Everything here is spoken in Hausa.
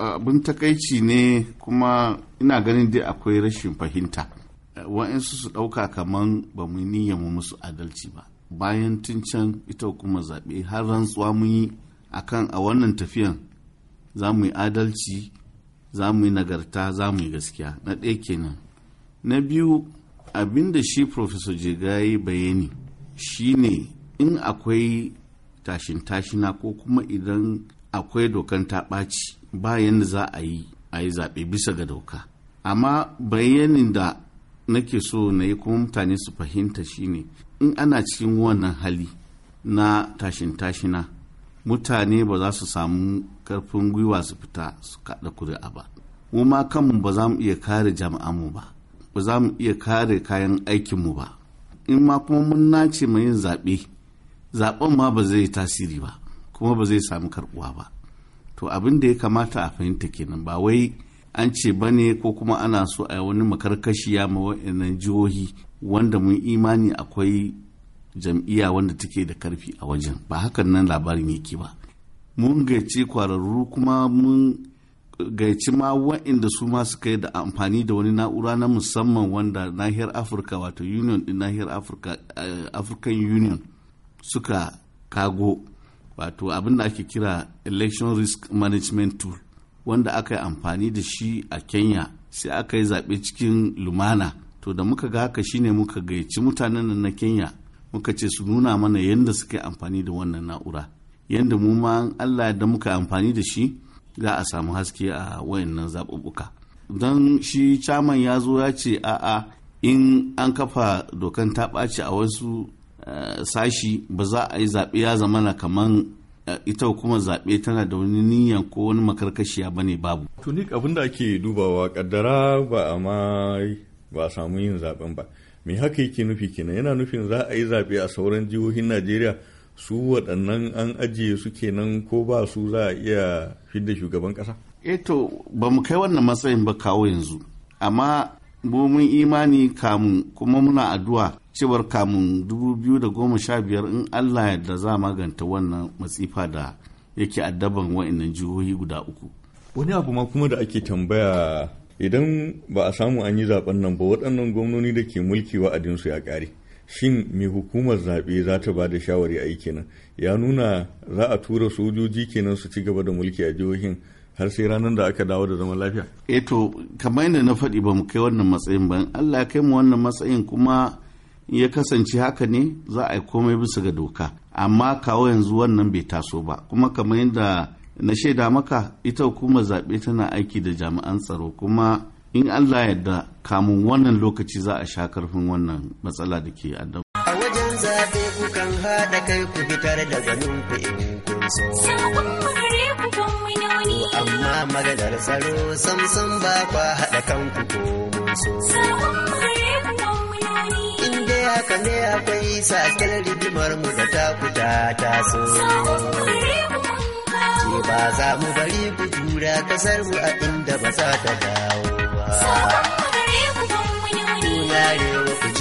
abin takaici ne kuma ina ganin dai akwai rashin fahimta wa'insu su ɗauka kaman ba mu niyya mu musu adalci ba bayan tun can ita kuma zaɓe har rantsuwa mun yi akan a wannan tafiyan za mu yi adalci za mu yi nagarta za mu yi gaskiya na ɗaya kenan na biyu abin da shi professor jigayi bayani shine in akwai tashin tashina ko kuma idan akwai dokan ta ɓaci ba yadda za a yi a yi zaɓe bisa ga doka amma bayanin da nake so na yi kuma mutane su fahimta shine in ana cikin wannan hali na tashin tashina mutane ba za su samu karfin gwiwa su fita su kaɗa kuri'a ba mu ma kanmu ba za mu iya kare jama'anmu ba ba za mu iya kare kayan aikinmu ba in ma kuma mun nace mai yin zaɓe zaɓen ma ba zai tasiri ba kuma ba zai samu karɓuwa ba to abin da ya kamata a fahimta kenan ba wai an ce ba ne ko kuma ana so a wani makarkashiya ma wa'annan jihohi wanda mun imani akwai jam'iyya wanda take da karfi a wajen ba hakan nan labarin yake ba mun gaici kwararru kuma mun gaici ma wa'inda su ma suka yi da amfani da wani na'ura na musamman wanda nahiyar afirka wato union din nahiyar afirka eh, african union suka kago wato abin da ake kira election risk management tool wanda aka yi amfani da shi a kenya sai aka yi zaɓe cikin lumana to da muka ga haka shine muka gayyaci mutanen nan na kenya muka ce su nuna mana yadda suka yi amfani da wannan na'ura yadda mu ma allah da muka amfani da shi za a samu haske a wayannan zaɓuɓɓuka don shi caman ya zo ya ce a'a in an kafa dokan ta ɓaci a wasu Eh, sashi ba za a yi zaɓe ya zamana kamar eh, ita kuma zaɓe tana da wani niyan ko wani makarkashiya ba ne babu. tuni abin da ake dubawa kaddara ba a ma ba a samu yin zaɓen ba me haka yake nufi kenan yana nufin za a yi zaɓe a sauran jihohin najeriya su waɗannan an ajiye su kenan ko ba su za a iya fidda shugaban ƙasa. eto eh ba mu kai wannan matsayin ba kawo yanzu amma mu mun imani kamun kuma muna addu'a cewar kamun biyar in Allah yadda za maganta wannan matsifa da yake addaban wa'annan jihohi guda uku. Wani abu ma kuma da ake tambaya idan ba a samu an yi zaben nan ba waɗannan gwamnoni da ke mulki wa'adinsu ya ƙare. Shin mai hukumar zaɓe za ta ba da shawari a kenan ya nuna za a tura sojoji kenan su ci gaba da mulki a jihohin har sai ranar da aka dawo da zaman lafiya eto eh kamar yadda na faɗi ba mu kai wannan matsayin ba Allah ya kai mu wannan matsayin kuma ya kasance haka ne za a yi komai bisa ga doka amma kawo yanzu wannan bai taso ba kuma kamar yadda na shaida maka ita hukumar zaɓe tana aiki da jami'an tsaro kuma in Allah yadda kamun wannan lokaci za a sha karfin wannan matsala da ke zaɓe kan haɗa kai ku fitar da ganin ku in kun so. Amma maganar tsaro samsam ba kwa haɗa kanku ko mun so. In dai haka ne akwai sakel rigimar mu da ta taku ta taso. Ce ba za mu bari ku jura kasar mu a inda ba za ta dawo ba. Sabon mu gare ku don